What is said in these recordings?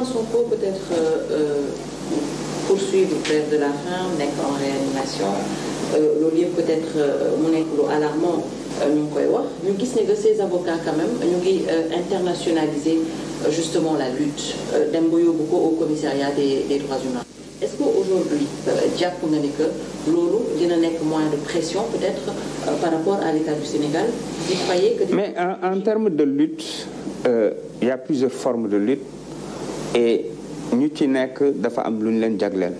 Ousmane Sonko peut-être euh, de la faim nekk en réanimation euh, loolu yëpp peut-être euh, mu alarmant ñu ngi koy wax ñu gis ne que ces avocats quand même ñu ngi euh, internationaliser justement la lutte dem ba yóbbu ko au commissariat des des droits humains. est-ce que aujourd'hui jàpp nga ni que loolu dina nekk moyen de pression peut-être par rapport à l'État du Sénégal vous croyez que. mais en, en termes de lutte il euh, y a plusieurs formes lutte. et ñu ci nekk dafa am lu ñu leen jagleel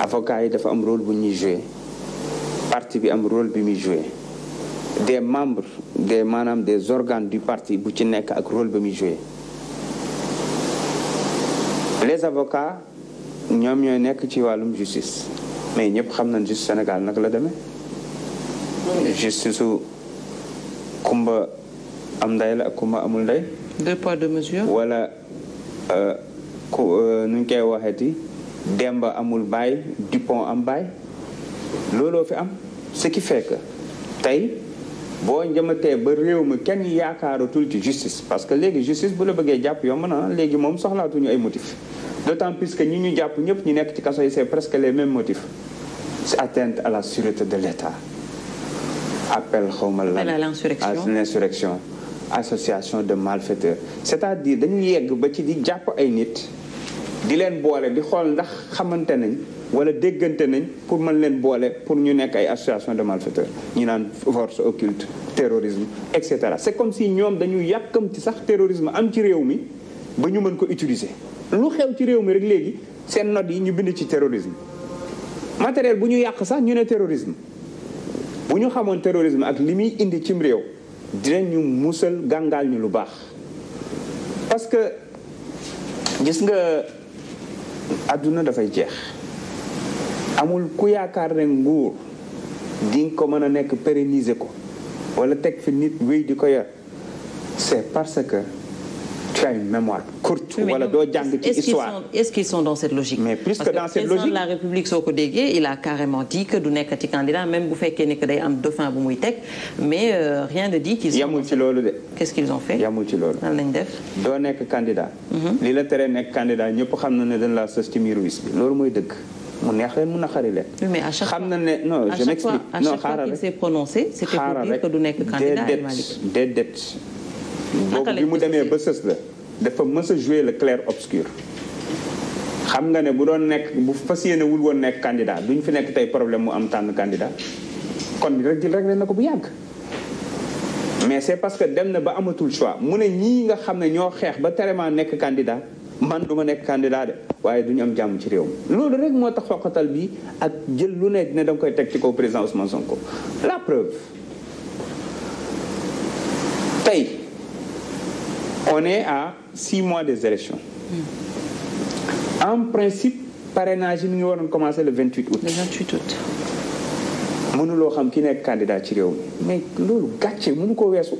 avocat yi dafa am role bu ñuy joué parti bi am rôle bi muy joué des membre des maanaam des organes du partie bu ci nekk ak rôle bi muy joué les avocats ñoom ñooy nekk ci wàllum justice mais ñëpp xam na justice Sénégal nag la deme justice su kumba am nday la ak kumba amul ndey deux poids deux mesures wala euh, Euh, nu ñu koy waxeeti Demba amul baay Dupont am baay looloo fi am ce qui fait que tey boo njëmatee ba réew mi kenn yaakaaratul ci justice parce que léegi justice bu la bëggee jàpp yomb na léegi moom soxlaatuñu ay motifs d'autant plus que ñu ñu jàpp ñëpp ñu nekk ci kaso yi c'est presque les mêmes motifs c'est atteinte à la sûreté de l'État appel xawma lan à l'insurrection association de malfaiteurs c'est-à-dire dañu yegg ba ci di jàpp ay nit di leen boole di xool ndax xamante nañ wala déggante nañ pour mën leen boole pour ñu nekk ay association de malfaiteurs ñu naan force occulte terrorisme et cetera c'est comme si ñoom dañu yàkkamti sax terrorisme am ci réew mi ba ñu mën ko utiliser lu xew ci réew mi rek léegi seen notes yi ñu bind ci terrorisme matériel bu ñu yàq sax ñu ne terrorisme bu ñu xamoon terrorisme ak li muy indi cim réew ñu musal gàngaal ñu lu baax parce que gis nga àdduna dafay jeex amul ku yaakaar ne nguur di ko mën a nekk pérenniser ko wala teg fi nit wéy di ko yor c'est parce que tu as une mémoire courte wala doo jàng ci histoire est-ce qu'ils sont dans cette logique mais plus que dans cette logique parce que il a carrément dit que du nekk ci candidat même bu fekkee ne que day am dauphin bu muy teg mais euh, rien ne dit qu'ils sont loolu de qu'est-ce qu'ils ont fait yamul ci loolu lan candidat mm-hmm. li la tere nekk candidat ñëpp xam ne dañ la sës ci bi loolu mooy dëgg mu neex leen mu naqari leen. mais à chaque fois xam boobu bi mu demee ba sës la dafa mës a jouer le clair obscur xam nga ne bu doon nekk bu fas yéene wul woon nekk candidat duñ fi nekk tey problème mu am tànn candidat kon rek réglé na ko bu yàgg mais c'est parce que dem na ba amatul choix mu ne ñii nga xam ne ñoo xeex ba terema nekk candidat man du ma nekk candidat de waaye du ñu am jàmm ci réew mi loolu rek moo tax xoqatal bi ak jël lu ne ne danga koy teg ci kaw président Ousmane Sonko la preuve on est à six mois des élections hmm. en principe parrainage yi mi ngi waroon commencé le 28 août. le 28 août. mënuloo xam ki nekk candidat ci réew mi mais loolu gàcce mënu ko weesu.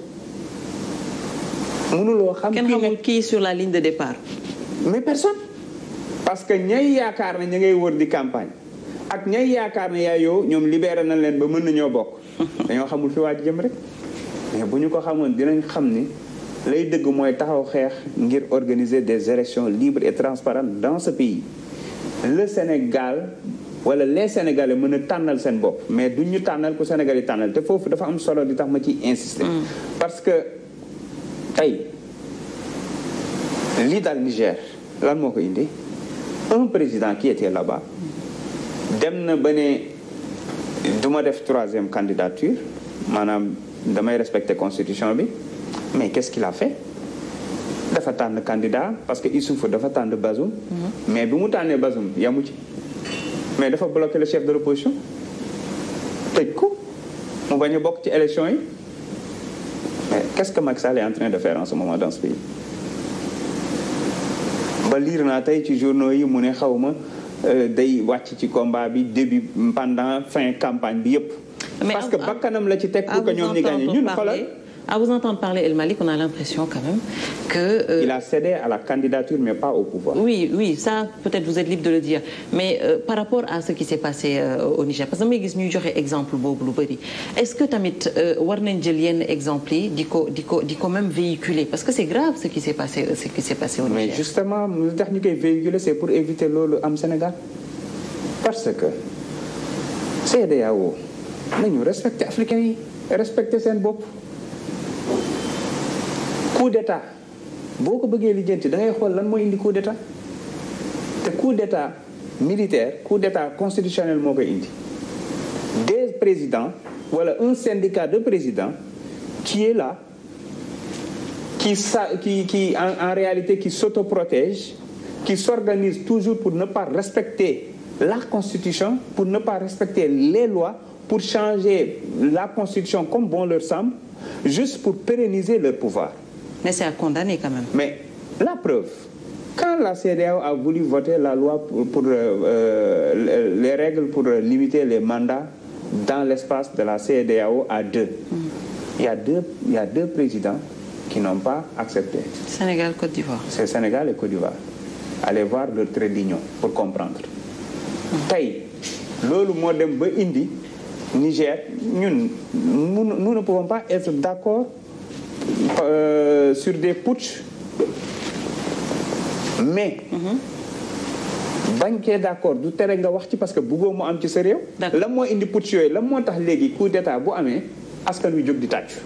mënuloo xam kenn xamul kii sur la ligne de départ. mais personne. parce que ñay yaakaar na ña ngay wër di campagne ak ñay yaakaar ne yow ñoom libéré na leen ba mën nañoo bokk. dañoo xamul fi waa jëm rek mais bu ñu ko xamoon dinañ xam ni. lay dëgg mooy taxaw xeex ngir organiser des élections libres et transparentes dans ce pays le Sénégal wala les Sénégalais mën a tànnal seen bopp mais du ñu tànnal ku Sénégal yi tànnal te foofu dafa am solo di tax ma ci insister. Mm. parce que tey lii daal Niger lan moo ko indi un président qui était là dem na ba ne du def troisième candidature maanaam damay respecter constitution bi. mais qu'est-ce qu'il a fait dafa tànn candidat parce que Issoufou dafa tànn Bazoum mm-hmm. mais bi mu tànnee Bazoum yamu ci mais dafa bloqué le chef de l'opposition tëj ko mu bañ a bokk ci élection yi mais qu'est-ce que Macky Sall est en train de faire en ce moment dans pays ba liir naa tey ci journaux yi mu ne xaw ma euh, day wàcc ci combat bi début pendant fin campagne bi yëpp parce que bakkanam la ci teg pour que ñoom ñi gagné ñun xoolal À vous entendre parler, El Malik, on a l'impression quand même que... Euh... Il a cédé à la candidature, mais pas au pouvoir. Oui, oui, ça, peut-être vous êtes libre de le dire. Mais euh, par rapport à ce qui s'est passé euh, au Niger, parce que nous gis ñuy joxe exemple boobu lu bëri est-ce que tamit euh, war nañ jël yenn exemple yi di ko di ko di ko même véhiculer parce que c'est grave ce qui s'est passé euh, ce qui s'est passé au Niger. Mais justement, lu tax ñu koy véhiculer, c'est pour éviter loolu am Sénégal parce que CEDEAO nañu respecter africains yi respecter seen bopp coup d'état boo ko bëggee lijjanti da ngay xool lan mooy indi coup d'état te coup d'état militaire coup d'état constitutionnel moo koy indi des présidents wala un syndicat de présidents qui est là qui sa qui qui en, en réalité qui s'autoprotège qui s'organise toujours pour ne pas respecter la constitution pour ne pas respecter les lois pour changer la constitution comme bon leur semble juste pour pérenniser leur pouvoir Mais c'est à condamner quand même. Mais la preuve, quand la CEDEAO a voulu voter la loi pour, pour euh, euh, les règles pour limiter les mandats dans l'espace de la CEDEAO à deux, mmh. il, y a deux il y a deux présidents qui n'ont pas accepté. Sénégal, Côte d'Ivoire. C'est Sénégal et Côte d'Ivoire. Allez voir le trait d'union pour comprendre. Mm. tey loolu moo dem ba indi Niger ñun nous ne pouvons pas être d'accord euh, sur des putsch mais bañ cee accord du tere nga wax ci parce que bëggoo mu am ci sa réew lan moo indi putsch yooyu lan moo tax léegi coup d' bu amee askan wi jóg di tàccu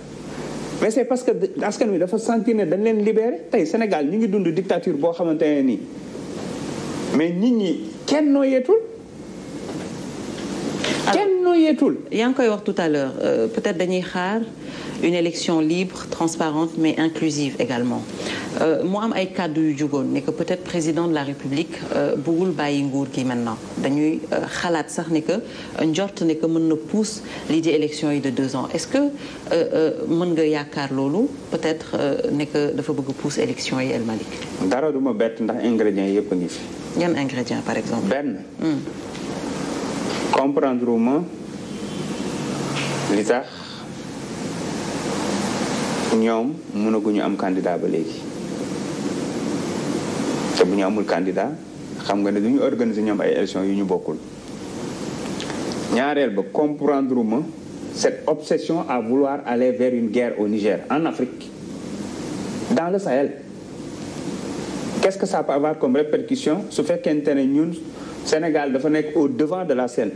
mais c' parce que askan wi dafa sentir ne dañ leen libéré tey Sénégal ñu ngi dund dictature boo xamante ne nii mais nit ñi kenn noo yeetul kenn noo yeetul yaa ngi koy wax tout à l'heure euh, peut-être dañuy xaar une élection libre transparente mais inclusive également euh, mu am ay kàddu yu jugoon nekk peut-être président de la République euh, bëggul bàyyi nguur gi maintenant dañuy euh, xalaat sax ne que njort ne que mën na pousse lii di élection yi de deux ans est-ce que mën nga yaakaar loolu peut-être ne que dafa bëgg pousse élection yi El Malick dara du bett ndax ingrédients yi yëpp a ngi fi. yan ingrédients par exemple. benn. Hmm. comprendre ma li tax. ñoom mënaguñu am candidat ba léegi te bu ñu amul candidat xam nga ne duñu organiser ñoom ay élection yu ñu bokkul ñaareel ba comprendre ma cette obsession à vouloir aller vers une guerre au Niger en Afrique dans le Sahel qu'est-ce que ça peut avoir comme répercussion su fekkente ne ñun Sénégal dafa nekk au devant de la scène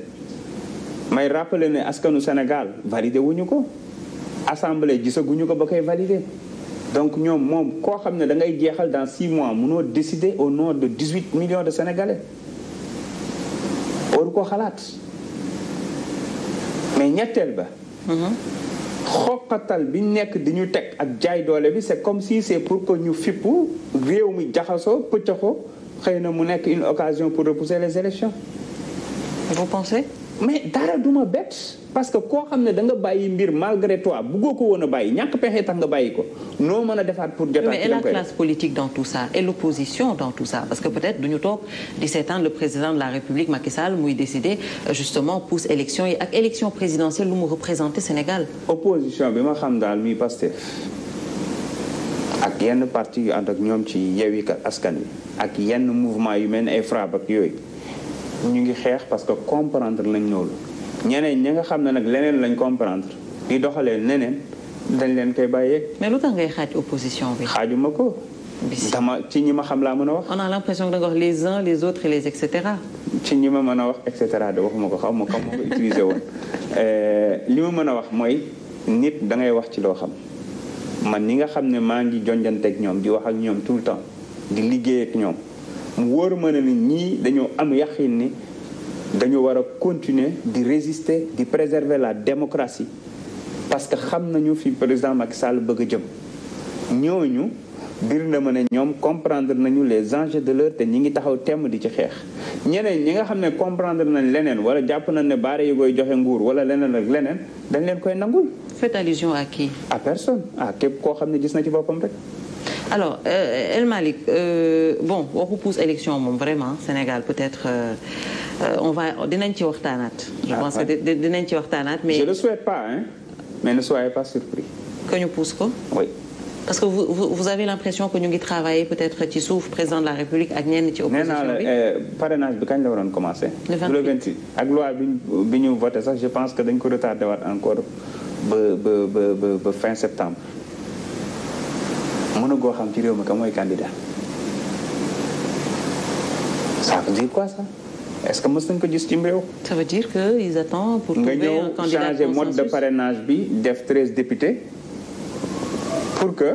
may rappeler ne askanu Sénégal validé wuñu ko assemblée gisaguñu ko ba koy valider donc ñoom moom koo xam ne da ngay jeexal dans six mois mënoo décider au nom de dix huit millions de sénégalais waru ko xalaat mais ñetteel ba. Mhm. xoqatal bi nekk di ñu teg ak jaay doole bi c'est comme si c'est pour que ñu fippu réew mi jaxasoo pëccaxoo xëy na mu nekk une occasion pour repousser les élections vous pensez mais dara du ma bett parce que koo xam ne da nga bàyyi mbir malgré toi buggoo ko woon a bàyyi ñàkk pexe tax nga bàyyi ko noo mën a defaat pour jotaat. mais et la classe politique dans tout ça et l'opposition dans tout ça parce que peut-être du ñu toog 17 ans le président de la République Macky Sall muy décidé euh, justement pousse élection yi ak élection présidentielle lu mu représenté Sénégal. opposition bi ma xam daal muy Pastef ak yenn parti yu ànd ak ñoom ci Yewwi Askan Wi ak yenn mouvement yu mel ne ay FRAPP ak yooyu. ñu ngi xeex parce que comprendre lañ loolu ñeneen ñi nga xam ne nag leneen lañ comprendre di doxalee neneen dañ leen tey bàyyeeg. mais lu tax ngay xaaj opposition bi. xaajuma ko. dama ci ñi ma xam laa mën a wax. on a l'impression que da les uns les autres et les et cetera. ci ñi ma mën a wax et cetera de waxuma ko xaw ma ko ma ko utilisé woon euh, li ma mën a wax mooy nit da ngay wax ci loo xam man ñi nga xam ne maa ngi jonjante jonjanteeg ñoom di wax ak ñoom tout le temps di liggéey ak ñoom. mu wóor ma ne ni ñii dañoo am yaqin ni dañu war a continuer di résister di préserver la démocratie parce que xam nañu fi exemple ak Sall bëgg a jëm ñooñu bir na ma ne ñoom comprendre nañu les enjeux de l'heure te ñi ngi taxaw temm di ci xeex ñeneen ñi nga xam ne comprendre nañ leneen wala jàpp nañ ne baare yi koy joxe nguur wala leneen ak leneen dañ leen koy nangul. faites allusion à qui? à personne ah képp koo xam ne gis na ci boppam rek. alors euh, euh El Malick euh, bon waxu pousse élection moom vraiment Sénégal peut-être euh, euh, on va dinañ ci waxtaanaat. je ah, pense que dinañ ci waxtaanaat mais. je le souhaite pas hein mais ne soyez pas surpris. que ñu pousse ko. oui. parce que vous vous, vous avez l'impression que ñu ngi travailler peut-être ci suuf président de la République ak ñenn ci. opposition bi nee naa la eh, parrainage bi kañ la waroon commencer. le 28 le 28 ak loi bi ñu bi ñu voté sax je pense que dañ ko retardé waat encore ba ba ba ba fin septembre. mën mënu goo xam ci réew mi ka mooy candidat ça veut dire quoi ça est-ce que mës nañ ko gis ci réew. ça veut dire que ils pour nga ñëw changer mode de parrainage bi def treize députés pour que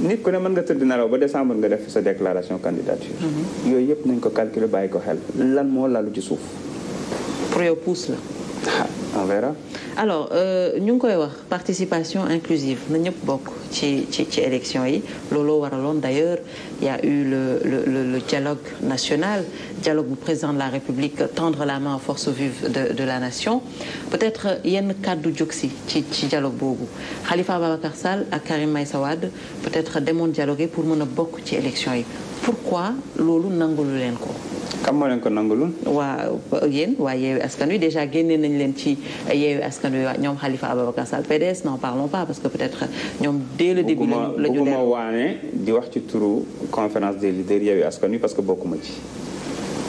nit ku ne mën nga tëdd nelaw ba décembre nga def sa déclaration candidature. Mhm. yooyu yëpp nañ ko calculer bàyyi ko xel. lan moo lalu ci suuf. pour yow pousse la. Ah, on verra. alors euh, ñu ngi koy wax participation inclusive na ñëpp bokk ci ci ci élection yi looloo waraloon d'ailleurs il eu le le le dialogue national dialogue bu président de la République tendre la main aux forces vives de de la nation peut-être yenn kàddu jóg si ci ci dialogue boobu Khalifa Babacar Sall ak Karim Meïssa Wade peut-être demoon dialoguer pour mën a bokk ci élection yi pourquoi loolu nangulu leen ko kan moo leen ko nangulul. waaw yéen waa yeewi askan wi déjà génne nañ leen ci yeewi askan wi waa ñoom xalifa Ababacar Sall PDS n'en parlons pas parce que peut-être ñoom dès le début. la ñu la waane di wax ci turu conférence des leaders yeewi askan parce que bokkuma ci.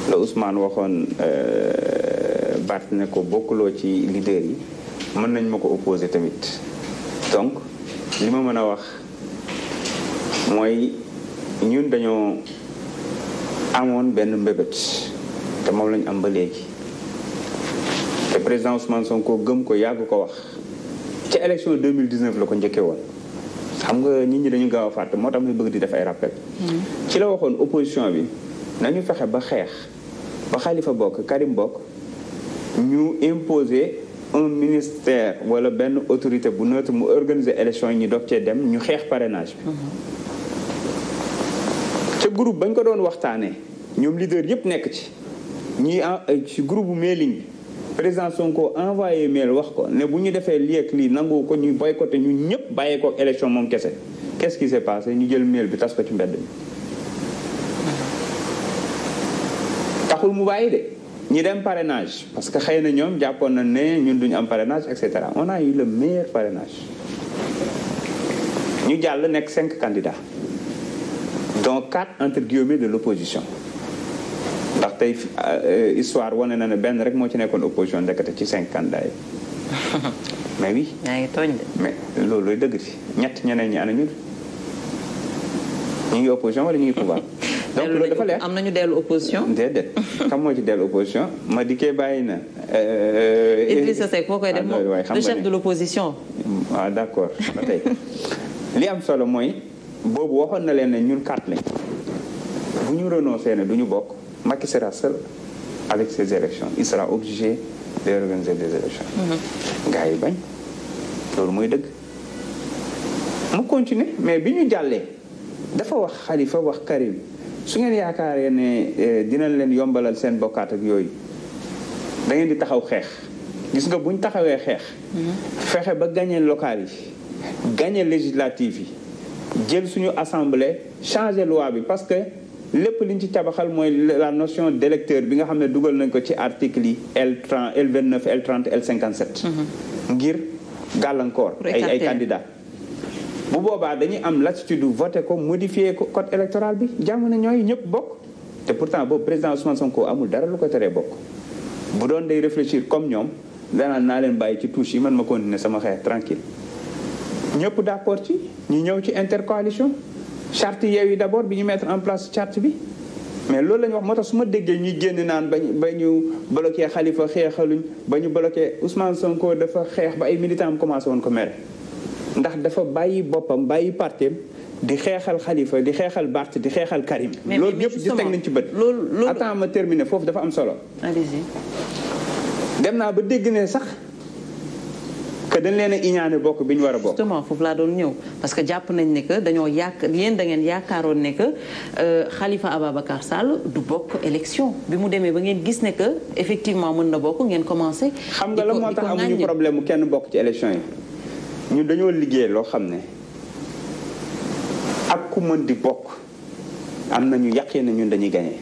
la Ousmane waxoon euh, Bart ne ko bokkuloo ci leader yi mën nañ ma ko opposé tamit donc li ma mën a wax mooy ñun dañoo. amoon benn mbébét te moom lañu am ba léegi te président Ousmane Sonko gëm ko yàgg ko wax ci élection 2019 la ko njëkke woon xam nga nit ñi dañu gaaw a fàtte moo tax muy bëgg di def ay hmm. ci la waxoon opposition bi nañu fexe ba xeex ba Khalifa bokk Karim bokk ñu imposer un ministère wala benn autorité bu neutre mu organiser élection yi ñu dog cee dem ñu xeex parrainage bi hmm. groupe bañ ko doon waxtaanee ñoom leader yëpp nekk ci ñuy euh, ci groupe mailing bi président Sonko envoyé mail wax ko ne bu ñu defee lii ak lii nangu ko ñu boycotté ñu ñëpp bàyyee ko élection moom kese qu'est-ce qui s'est ñu jël mail bi tas ko ci mbedd mi taxul mu bàyyi de ñi dem parrainage parce que xëy na ñoom jàppoon na ne ñun duñu am parrainage et cetera on a yi la meilleur parrainage ñu jàll nekk cinq candidats donc quatre entre guillemets de l'opposition ndax tey euh, histoire wane na ne benn rek moo ci nekkoon opposition ndekete ci cinquante candidats yi mais oui. yaa ngi tooñ de. mais loolu looy dëgg ci ñett ñeneen ñi ana ñu ñu ngi opposition wala ñu ngi pouvoir. donc loolu dafa leer am ñu dellu opposition. déedéet xam moo ci dellu opposition ma dikkee bàyyi na. Euh, Idrissa Seck moo koy def ah, moom le chef de l'opposition. waaw ah, d'accord ba tey li am solo mooy. boobu waxoon na leen ne ñun carte lañ bu ñu renoncé ne duñu bokk Macky sera seul avec ses élections il sera obligé de organiser des élections mm-hmm. gars bañ loolu mooy dëgg mu continuer mais bi ñu jàllee dafa wax Khalifa wax Karim su ngeen yaakaaree ne eh, dinañ leen yombalal seen bokkaat ak yooyu da di taxaw xeex gis nga buñ taxawee xeex mm-hmm. fexe ba gagné local yi gagné législative yi jël suñu assemblée changer loi bi parce que lépp liñ ci tabaxal mooy la notion d'électeur bi nga xam ne dugal nañ ko ci article yi L 30 L 29 L 30 L 57. Mhm. ngir gàllankoor. ay ay candidats. bu boobaa dañuy am latitude voter ko modifier ko code électoral bi jàmm na ñooy ñëpp bokk. te pourtant boobu président Ousmane Sonko amul dara lu ko teree bokk bu doon day réfléchir comme ñoom danaa naa leen bàyyi ci touche yi man ma continuer sama xeex tranquille ñëpp d'accord ci ñu ñëw ci intercoalition charte yeew yi d'abord bi ñu mettre en place charte bi mais loolu la ñu wax moo tax su ma déggee ñuy génn naan ba ba ñu bloqué xalifa xeexaluñ ba ñu bloqué Ousmane Sonko dafa xeex ba ay militants am commencé woon ko mere ndax dafa bàyyi boppam bàyyi parteem di xeexal xalifa di xeexal Barth di xeexal Karim. loolu ñëpp di teg nañ ci bët. loolu loolu attends ma terminer foofu dafa am solo. allez-y. dem naa ba dégg ne sax. que dañ leen a iñaane bokk bi ñu war a bokk. justement foofu laa doon ñëw parce que jàpp nañ ne que dañoo yàq yéen da ngeen yaakaaroon ne que euh, Khalifa Ababacar Sall du bokk élection bi mu demee ba ngeen gis ne que effectivement mën na bokk ngeen commencé. xam nga la moo tax ñu problème mu kenn bokk ci élection yi ñu dañoo liggéey loo xam ne ak ku mën di bokk am nañu yàqee na ñun dañuy gagné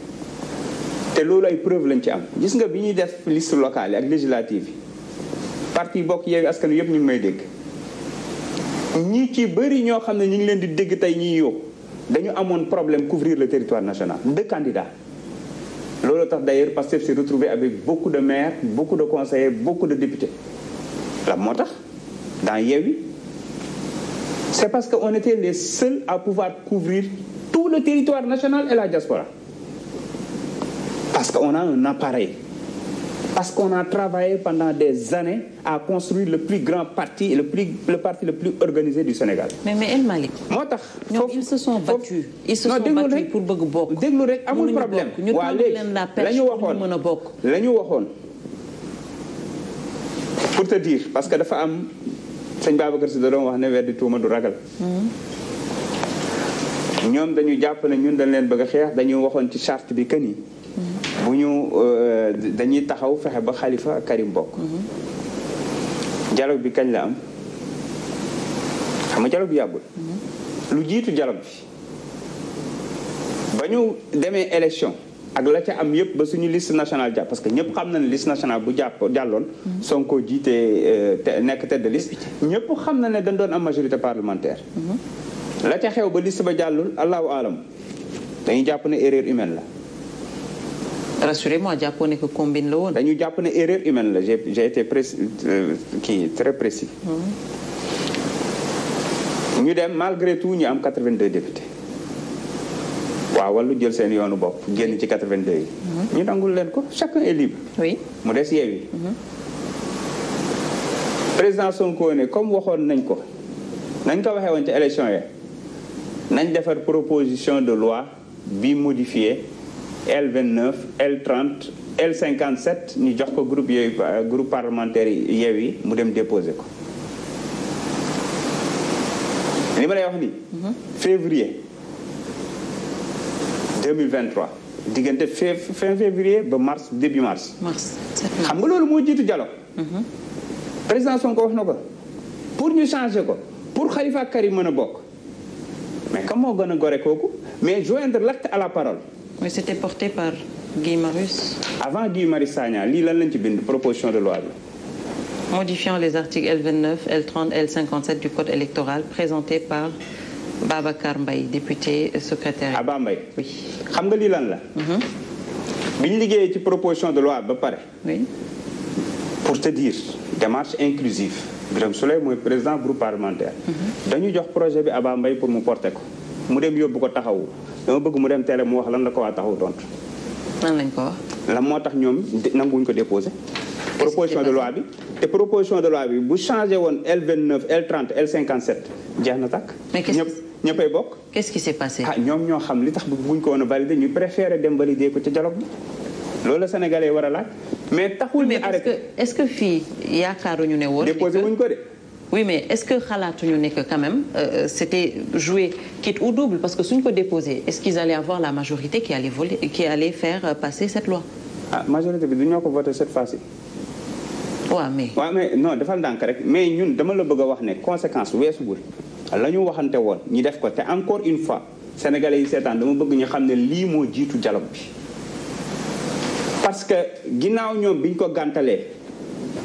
te loolu ay preuve lañ ci am gis nga bi ñuy def liste locale yi ak législative yi. parti bokk yeewi askan wi yëpp ñu ngi may dégg ñi ci bëri ñoo xam ne ñu ngi leen di dégg tey ñiy yóbbu dañu amoon problème couvrir le territoire national deux candidats loolu tax d'ailleurs Pastef s'est retrouvé avec beaucoup de maires beaucoup de conseillers beaucoup de députés la moo tax dans Yewwi c'est parce que on était les seuls à pouvoir couvrir tout le territoire national et la diaspora parce on a un appareil Parce on a travaillé pendant des années à construire le plus grand parti, le, plus, le parti le plus organisé du Sénégal. Mais, mais El Malik, ñoom ils se sont battus. ils se sont battus pour bëgg bokk. déglu rek amul problème waa léegi la ñu waxoon mën a bokk. la ñu waxoon pour te dire parce que dafa am sëñ Babacar Si da doon wax ne weddi tuuma du ragal. Hmm. ñoom dañu jàpp ne ñun dañu leen bëgg a xeex dañu waxoon ci charte bi que ni. bu ñu euh, dañuy taxaw fexe ba xalifa ak Karim bokk mhm. dialogue bi kañ la am xam nga dialogue bi yàggul mhm. lu jiitu dialogue bi ba ñu demee élection ak la ca am yëpp ba suñu liste national jàpp parce que ñëpp xam na ne liste nationale bu jàpp jàlloon mhm. Sonko jiitee euh, nekk tête de liste ñëpp xam na ne dañ doon am majorité parlementaire la ca xew ba liste ba jàllul allahu alam dañu jàpp ne erreur humaine la rassurez-moi jàppoon ne ko combine la woon. dañu jàpp ne erreur humaine la j'ai j'ai été précis euh, kii très précis. Mhm. ñu dem malgré tout ñu am 82 députés. waaw wala jël seen yoonu bopp génn ci 82 yi. Mhm. ñu nangul leen ko chacun est libre. oui mu des Yewwi. Mhm. président Sonko ne comme waxoon nañ ko nañ ko waxee woon ci élection yi nañ defar proposition de loi bi modifié L29 L30 L57 ñu jox ko groupe yooyu euh, groupe parlementaire yi mu dem déposé ko li ma lay wax ni mhm. février 2023 diggante fin février ba mars début mars xam nga loolu moo jiitu dialogue mhm. président ko wax na ko pour ñu changer ko pour Khalifa Karim mën a bokk mais comme moo gën a gore kooku mais joindre l'acte à la parole Oui, c'était porté par Guy Marius. Avant Guy Marius Sagna lii lan lañ ci bind proposition de loi bi. modifiant les articles L29 L30 L57 du code électoral présenté par Babacar Mbaye député secrétaire. Abba ah, Mbaye. oui xam nga lii lan la. Mhm. bi ñu liggéeyee ci proposition de loi ba pare. pour te dire démarche inclusive Birame Souleye mooy président groupe parlementaire. Mhm. dañu jox projet bi Abba pour mu porter ko mu dem yóbbu ko taxawu. dama bëgg mu dem télé mu wax lan la ko waa taxaw tontu. lan lañ ko wax. lan moo tax ñoom wuñ ko déposé. proposition de loi bi te proposition de loi bi bu changé woon L29 L30 L57 jeex na tàkk. ñëpp ñëppay bokk. qu'est-ce qui s'est passé. ah ñoom ñoo xam li tax buñ ko woon a validé ñu préféré dem valider ko ca dialogue bi loolu la sénégalais war a laaj mais taxul ñu arrêté mais est-ce que est-ce que fii yaakaaruñu ne woon. déposé wuñ ko de. oui mais est-ce que xalaatuñu ne que quand même euh, euh c'était jouer quitte ou double parce que suñ ko déposé est-ce qu'ils allaient avoir la majorité qui allait voler qui allait faire euh, passer cette loi. ah majorité bi du ñoo ko voté cette fois-ci. waaw mais. waaw mais non defal ndànk rek mais ñun dama la bëgg a wax ne conséquence weesuwul la ñu waxante woon ñi def ko te encore une fois sénégalais yi seetaan dama bëgg ñu xam ne lii moo jiitu dialogue bi. parce que ginnaaw ñoom biñ ko gàntalee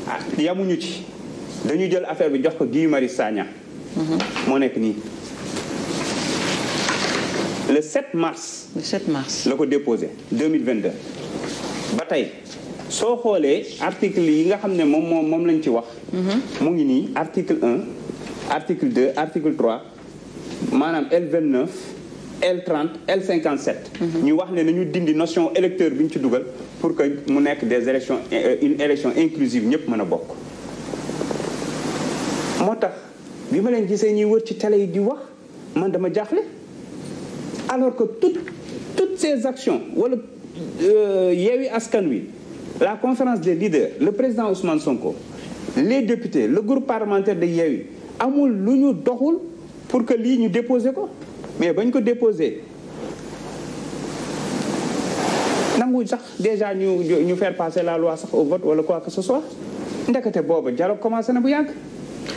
ah, yamuñu ci. dañuy jël affaire bi jox ko Guy Marius Sagna mhm. moo nekk nii le 7 mars le 7 la ko déposé 2022 ba tey soo xoolee article yi nga xam ne moom moom moom lañ ci wax mhm. mu ngi nii article 1 article 2 article 3 maanaam L29 L30 L57 ñu wax ne nañu dindi notion électeur bi ñu ci dugal pour que mu nekk des élections euh, une élection inclusive ñëpp mën a bokk moo tax bi ma leen gisee ñuy wër ci tele yi di wax man dama jaaxle alors que toutes toutes ces actions wala euh, yeewi askan wi la conférence des leaders le président Ousmane Sonko les députés le groupe parlementaire de yeewi amul lu ñu doxul pour que lii ñu déposé ko mais bañ ko déposé nangu sax déjà ñu ñu fer passer la loi sax au vote wala quoi que ce soit ndekete boobu dialogue commencé na bu yàgg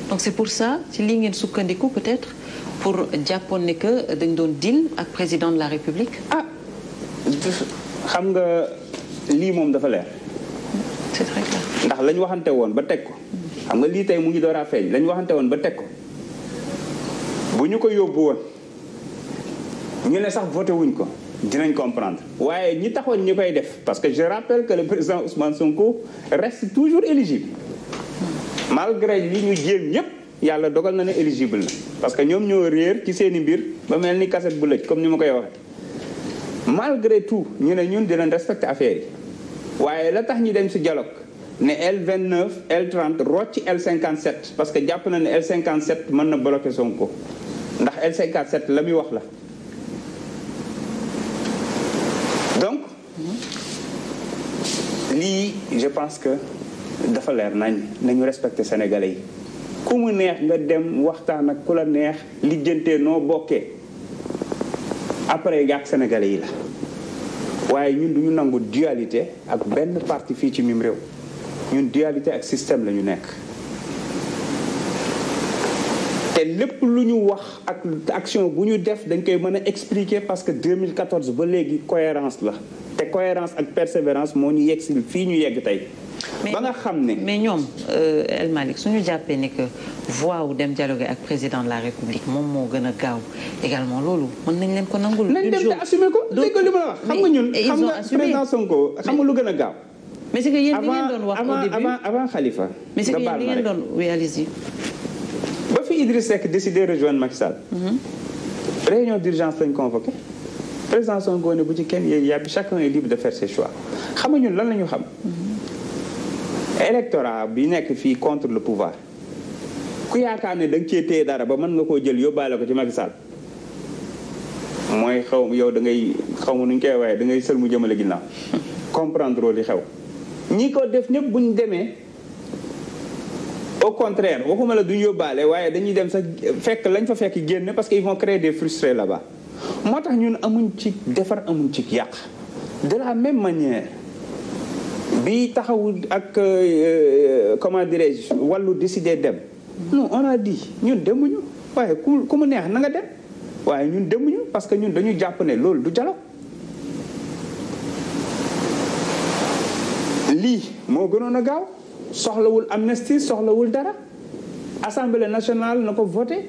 donc c'est pour ça ci lii ngeen sukkandiku peut-être pour jàppoon ne que dañ doon deal ak président de la république. ah xam nga lii moom dafa leer. c'est très clair. ndax lañ waxante woon ba teg ko. xam nga lii tey mu ngi door a feeñ lañ waxante woon ba teg ko bu ñu ko yóbbu woon ñu ne sax voté wuñ ko. dinañ comprendre waaye ñi taxoon ñi koy def parce que je rappelle que le président Ousmane Sonko reste toujours éligible malgré li ñu jéem yépp yàlla dogal na ne éligible na parce que ñoom ñoo réer ci seeni mbir ba mel ni kaset bu lëj comme ni ma koy waxee malgré tout ñu ne ñun dinañ respecté affaire yi waaye la tax ñu dem si dialogue ne L29 L30 rocc L57 parce que jàpp na ne L57 mën na bloqué Sonko ndax l set la muy wax la donc lii je pense que dafa leer nañ nañu respecté sénégalais yi ku mu neex nga dem waxtaan ak ku la neex lijjantee noo bokkee après ak sénégalais yi la waaye ñun duñu nangu dualité ak benn parti fii ci mim réew ñun dualité ak système lañu nekk te lépp lu ñu wax ak action bu ñu def dañ koy mën a expliquer parce que 2014 ba léegi cohérence la te cohérence ak persévérance moo ñu yegg si fii ñu yegg tey ba nga xam ne mais ñoom euh, El Malick suñu jàppee ne que voix wu dem dialoguer ak président de la république moom moo gën a gaaw également loolu mën nañ leen ko nangul. nañ dem te assumer ko dégg li ma la wax. xam nga ñun xam nga président Sonko xam nga lu gën a gaaw. mais c'est que yéen li ngeen doon wax au début avant avant Khalifa. mais c'est que yéen li ngeen doon réaliser. ba fi Idriss Seck décidé rejoindre Macky Sall. Mhm. réunion d'urgence lañ convoqué. président Sonko électorat bi nekk fii contre le pouvoir ku yaakaar ne dañ cee téye dara ba mën nga koo jël yóbbaale ko ci Macky mooy xaw yow da ngay xaw ma nu ñu koy waaye da ngay sël mu jëmale ginnaaw comprendre li xew ñi ko def ñëpp bu ñu demee au contraire waxuma la duñ yóbbaale waaye dañuy dem sax fekk lañ fa fekk génn parce que ils vont créer des frustrés la ba moo tax ñun amuñ ci defar amuñ ci yàq de la même manière bi taxawu ak euh, comment dirais-je wàllu décider dem non on ñun demuñu waaye ku ku mu neex na nga dem waaye ñun demuñu parce que ñun dañu jàpp ne loolu du dialogue lii moo gënoon a gaaw soxlawul amnistie soxlawul dara assemblée nationale na ko voté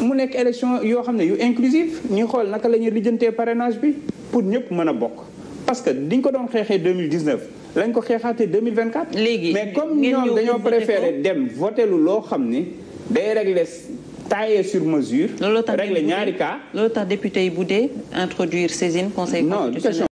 mu nekk élection yoo xam ne yu inclusive ñu xool naka la ñuy lijjantee parrainage bi pour ñëpp mën a bokk parce que diñ ko doon xeexee 2019 lañ ko xeexaatee 2024. léegi mais comme ñoom dañoo préféré dem voté lu loo xam ni day régler taillé sur mesure. loolu tax régler ñaari cas. loolu tax député yi bu dee introduire saisine conseil constitutionnel.